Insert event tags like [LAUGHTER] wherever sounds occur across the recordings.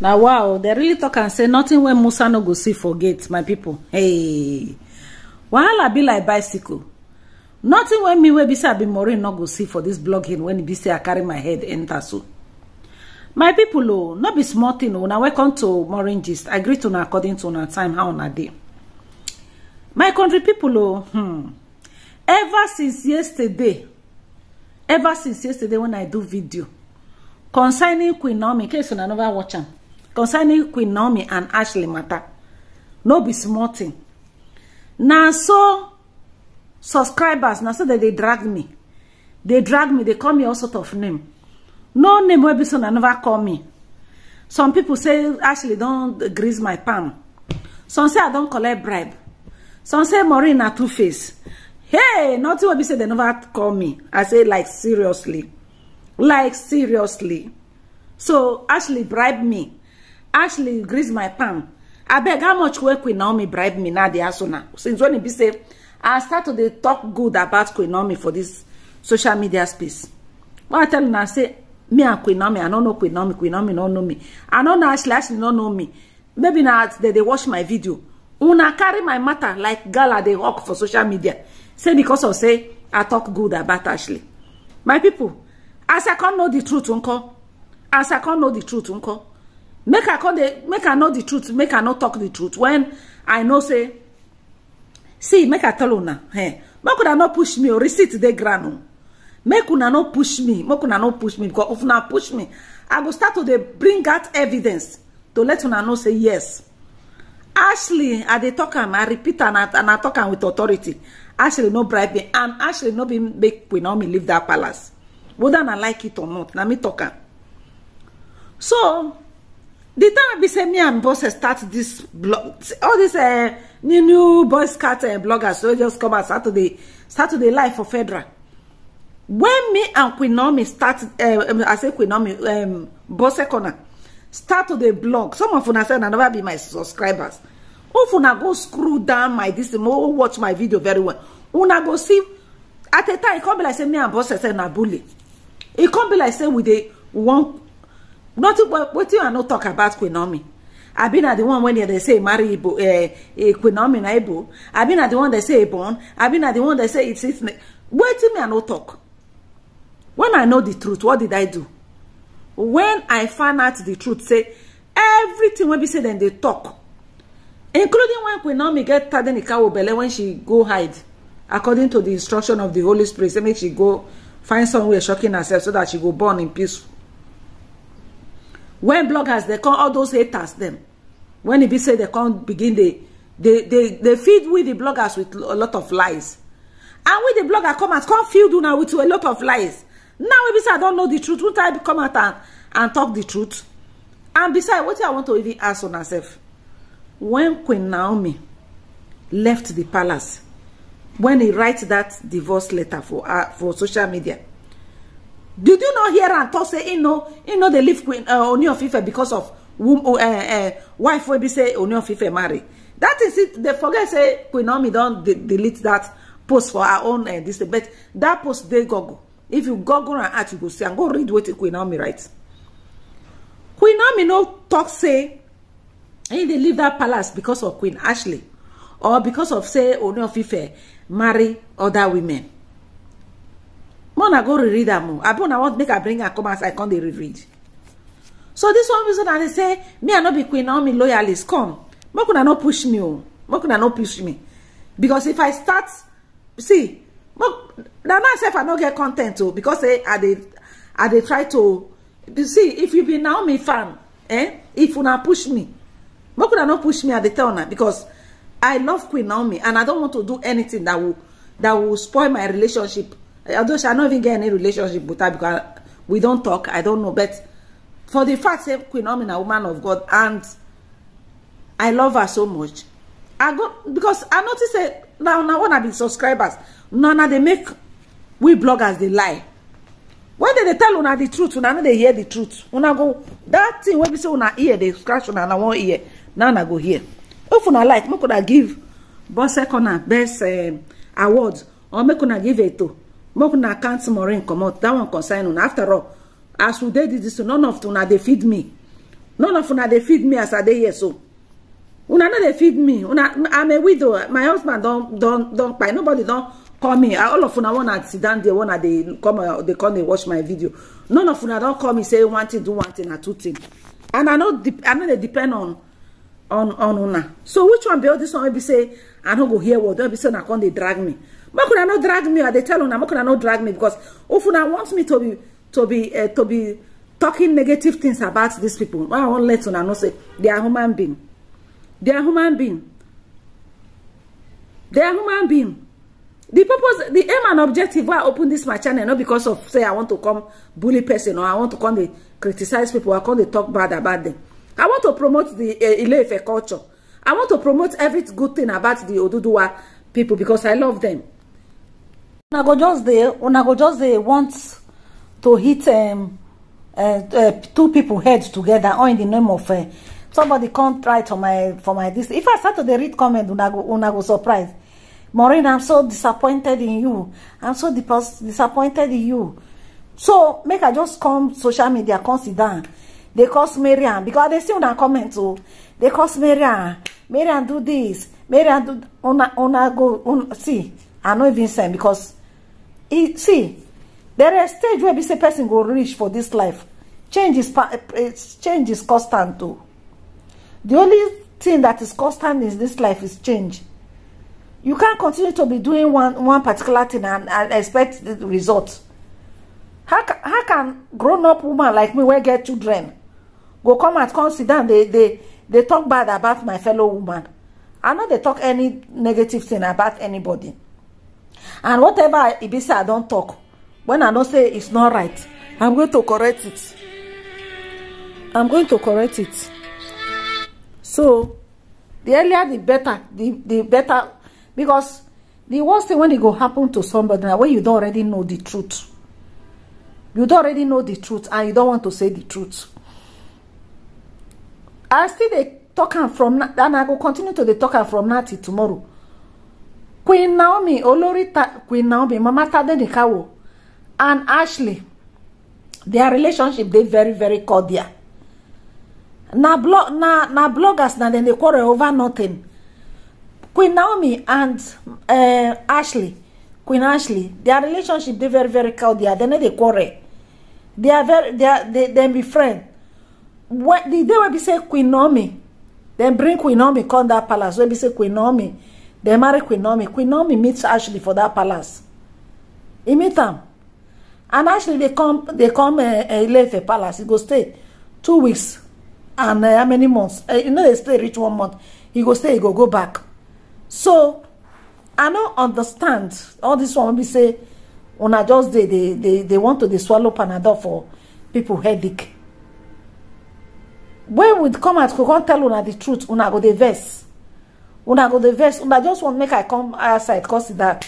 Now wow they really talk and say nothing when musa no go see for my people. hey while I be like bicycle nothing when me wey be say i be more no go see for this blogging when e be say i carry my head enter so my people, oh, not be small you oh. know, now welcome to maureen gist i greet you according to our time how a day. my country people, oh, hmm ever since yesterday ever since yesterday when i do video concerning queen naomi in case you never watch concerning queen naomi and ashley matter no be small thing so subscribers now so that they drag me they drag me they call me all sort of name no name wey be never call me some people say ashley don't grease my palm some say i don't collect bribe some say maureen a two face hey nothing wey be say they never call me i say like seriously like seriously so ashley bribe me ashley grease my palm beg how much wey queen naomi bribe me now the ask since when e be say i start to dey talk good about queen naomi for this social media space when i tell una say me and queen naomi i no know queen naomi queen naomi no know me i no know ashley ashley no know me maybe now as they watch my video una carry my matter like girl gala dey hawk for social media say because I say i talk good about ashley my people as i can't know the truth uncle. as i can't know the truth uncle make i come dey make i know the truth make i no talk the truth when i know say see make i tell una hey, eh, make una no push me o oh, receipt dey ground o oh. make una no push me make una no push me because if una push me i go start to dey bring out evidence to let una know say yes ashley i dey talk am i repeat am and i talk am with authority ashley no bribe me and ashley no be make queen naomi leave that palace whether na like it or not na me talk am so the time be say me and boss start this blog all dis eh, new new boy scout eh, bloggers so just come out saturday saturday live for federal When me and queen start eh, i say queen um, boss corner start to blog some of una said i never be my subscribers of una go screw down my this thing watch my video very well una go see at a time e come be like say me and boss say na bully e come be like say we a one. Not, what you are not talk about Quinomi. i been at the one when they say marry eh, eh Quinomi, na be. i been at the one they say born i been at the one they say it's it's wetin me i no talk when i know the truth what did i do when i find out the truth say everything will be said and they talk including when Quinomi get tadenikawo belle when she go hide according to the instruction of the holy spirit say make she go find somewhere shocking herself so that she go born in peace When bloggers they call all those haters them. When e be say they can't begin they they they they feed with the bloggers with a lot of lies and we the blogger come out come feed now with a lot of lies now we be say i don know the truth one time come out and and talk the truth and beside, what i want to even ask on herself When queen naomi left the palace when he write that divorce letter for for social media did you not hear and talk say him no him no they leave queen uh, oni of ife because of wom uh, uh, wife will be say oni of ife marry that is it they forget say queen naomi don't de delete that post for her own uh, this but that post dey google if you google and ask, you go see and go read what queen naomi writes. queen naomi no talk say he they leave that palace because of queen ashley or because of say oni of ife marry other women more go reread am abi una want make i bring her come I can't dey reread so this one reason i dey say me i no be queen naomi loyalist come make una no push me Oh, make una no push me because if i start see na myself i no get content Oh, because say eh, i they i they try to see if you be naomi fan eh if una push me make una no push me at the tell because i love queen naomi and i don't want to do anything that will that will spoil my relationship although she i no even get any relationship with her because we don't talk i don't know but for the fact say queen naomi na woman of god and i love her so much i go because i notice say na na one i be subscribers na na they make we bloggers they lie when dem dey tell una the truth una they hear the truth una go that thing when we say una ear dey scratch una na one ear na go hear if una like make una give boss corner best um, eh, award or make una give it to make una account maureen comot dat one concern una after all as we dey dis none of una dey feed me none of una dey feed me as i dey here so una no dey feed me una i'm a widow my husband don don don kpai nobody don call me all of una wanna sit down there wanna dey come uh, dey come dey watch my video none of una don call me say one thing do one thing na two thing and i no i no dey depend on on on una so which one be all this one wey be say i no go hear word wey be say una come dey drag me make una no drag me i dey tell una make una no drag me because if una want me to be to be uh, to be talking negative things about these people Why i wan let una know say they are human being they are human being they are human being the purpose the aim and objective why i open this my channel not because of say i want to come bully person or i want to come dey criticize people or come dey talk bad about them i want to promote the uh, eh, Ile-Ife culture i want to promote every good thing about the Oduduwa people because i love them una go just una go just dey want to hit um, uh, uh, two people heads together or in the name of uh, somebody not try for my for my this if i start to read comment una go una go surprise maureen i'm so disappointed in you i'm so disappointed in you so make i just come social media come sit down dey cause marian because i see una comment o oh. they cause marian marian do this marian do una una go un, see i know even saying because see there are stage where this person go reach for this life change is eh, eh, change is constant too. the only thing that is constant in this life is change you can't continue to be doing one one particular thing and and expect the result how how can grown up woman like me where get children go come and come sit down they talk bad about my fellow woman i know they talk any negative thing about anybody and whatever ibisa i don talk when i know say it's not right i'm going to correct it i'm going to correct it so the earlier the better the the better because the worst thing when e go happen to somebody na when you don already know the truth you don already know the truth and you don want to say the truth i still dey talk am from now and i go continue to dey talk am from now till tomorrow queen naomi olori queen naomi mama tadenikawo and ashley their relationship they very very cordial na bloggers na dem dey quarrel over nothing queen naomi and eh, ashley queen ashley their relationship they very very cordial They very, they are they they be friend they they will be say queen naomi then bring queen naomi come that palace wey be say queen naomi They marry queen naomi queen naomi meets ashley for that palace e meet them, and ashley they come They come the eh, eh, palace He go stay two weeks and eh, how many months You know they stay rich one month He go stay He go go back so i don't understand all this. one we say, say una just they they they want to dey swallow panadol for people headache when we come at we can't tell una the truth una go the verse una go dey vex una just want make i come outside consider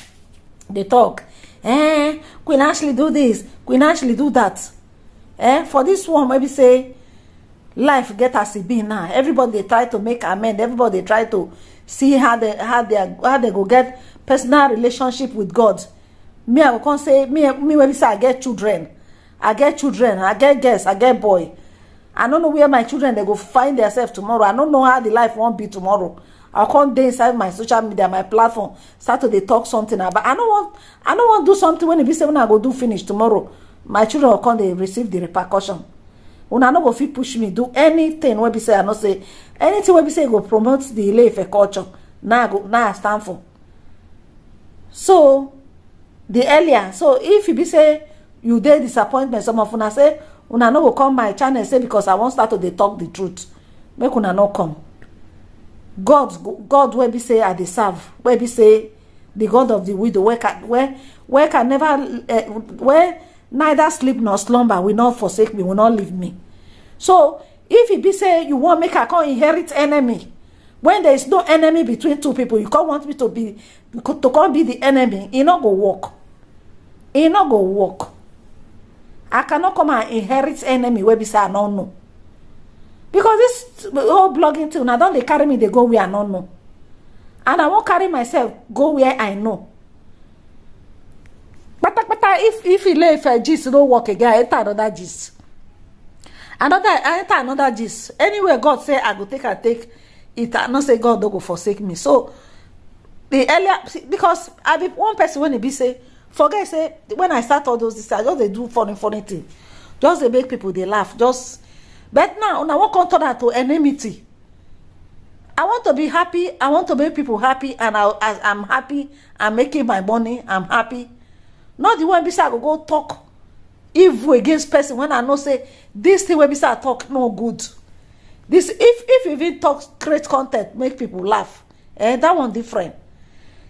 e dey talk eh queen ashley do this queen ashley do that eh for this one maybe say life get as e be now everybody dey try to make amend everybody dey try to see how they how they how they go get personal relationship with god me i go come say me me Maybe say i get children i get children i get girls i get boy i no know where my children dey go find themselves tomorrow i no know how the life wan be tomorrow i come dey inside my social media my platform start to they talk something about i don't want i don't want do something when it be say When I go do finish tomorrow my children will come They receive the repercussion I know go fit push me do anything wey be say i know say anything wey be say go promote the ileife culture Now i go now i stand for so the earlier so if you be say you dey disappointment some of una say una no go come my channel say because i won't start to they talk the truth make una no come god god wey be say i deserve. serve be say the god of the widow Where can never eh, where neither sleep nor slumber will not forsake me will not leave me so if e be say you won't make i come inherit enemy when there is no enemy between two people you can't want me to be to come be the enemy e not go walk. e not go walk. i cannot come and inherit enemy where be say i no know because this whole blogging thing don't they carry me They go where i know and i won't carry myself go where i know but if if ileife gist not work again i enter another gist i enter another gist anywhere god say i go take i take it i not say god don't go forsake me so the earlier because i be one person when he be say forget say when i start all those things i just they do funny funny thing just they make people they laugh just but now una wan come turn am to enmity i want to be happy i want to make people happy and i as i'm happy i'm making my money i'm happy not the one be say i go go talk evil against person when i know say this thing wey be say i talk no good this if if you even talk create content make people laugh eh that one different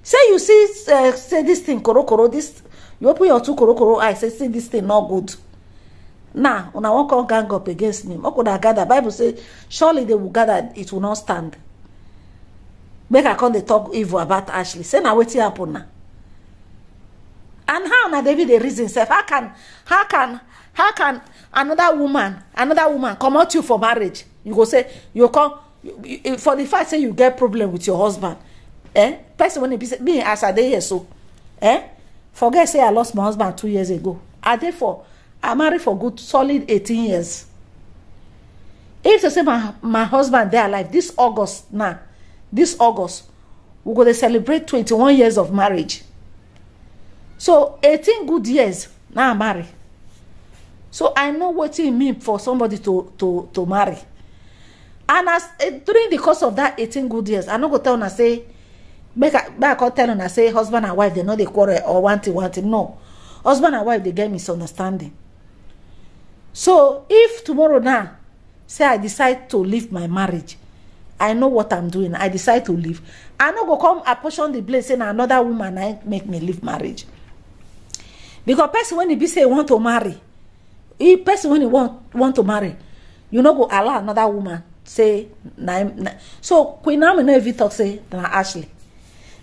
say you see uh, say this thing korokoro this you open your two korokoro eye say see this thing no good now I will call gang up against me could I gather bible says surely they will gather it will not stand make i come dey talk evil about ashley say now wetin happen na and how now david The reason self? how can how can how can another woman another woman to you for marriage you go say you come for the fact say you get problem with your husband eh person wey be say me as i day here so eh forget say i lost my husband two years ago i they for I married for good solid 18 years. If they say my, my husband are alive this August now, nah, this August, we go to celebrate 21 years of marriage. So 18 good years now nah, I marry. So I know what it means for somebody to to to marry. And as uh, during the course of that 18 good years, I no go tell I say make I make I come tell and say husband and wife they know dey quarrel or want to, want to. No. Husband and wife they get misunderstanding. so if tomorrow now say i decide to leave my marriage i know what i'm doing i decide to leave i no go come apportion the blame say na another woman na make me leave marriage because person when e be say e want to marry he person when he want want to marry you no go allow another woman say na na so queen naomi no even talk say na ashley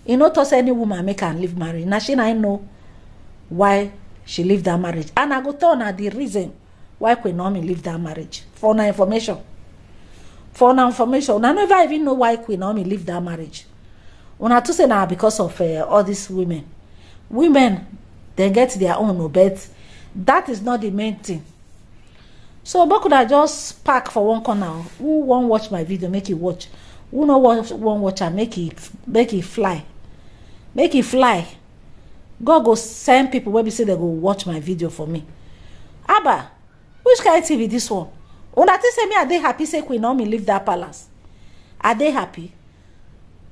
He no talk say any woman make am leave marriage na she na know why she leave that marriage and i go tell una the reason why queen naomi leave that marriage for una information for una information una never even know why queen naomi leave that marriage una too say na because of uh, all these women women dem get their own o but that is not the main thing so bokuda just park for one corner who wan watch my video make e watch who no wan watch am make e make e fly make e fly god go send people wey be say dem go watch my video for me abba which kind of thing be this one una think say me i dey happy say queen naomi leave that palace i dey happy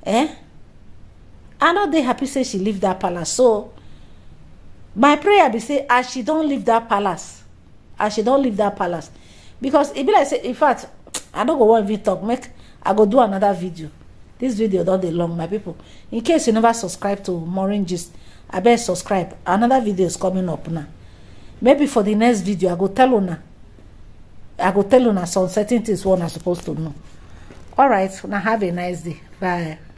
eh i no dey happy say she leave that palace so my prayer be say as she don leave that palace as she don leave that palace because e be like say in fact [TSK] i no go wan even talk make i go do another video this video don dey long my people in case you never subscribe to maureen gist abeg subscribe another video is coming up now maybe for the next video i go tell una i go tell una some certain things one i supposed to know alright now have a nice day bye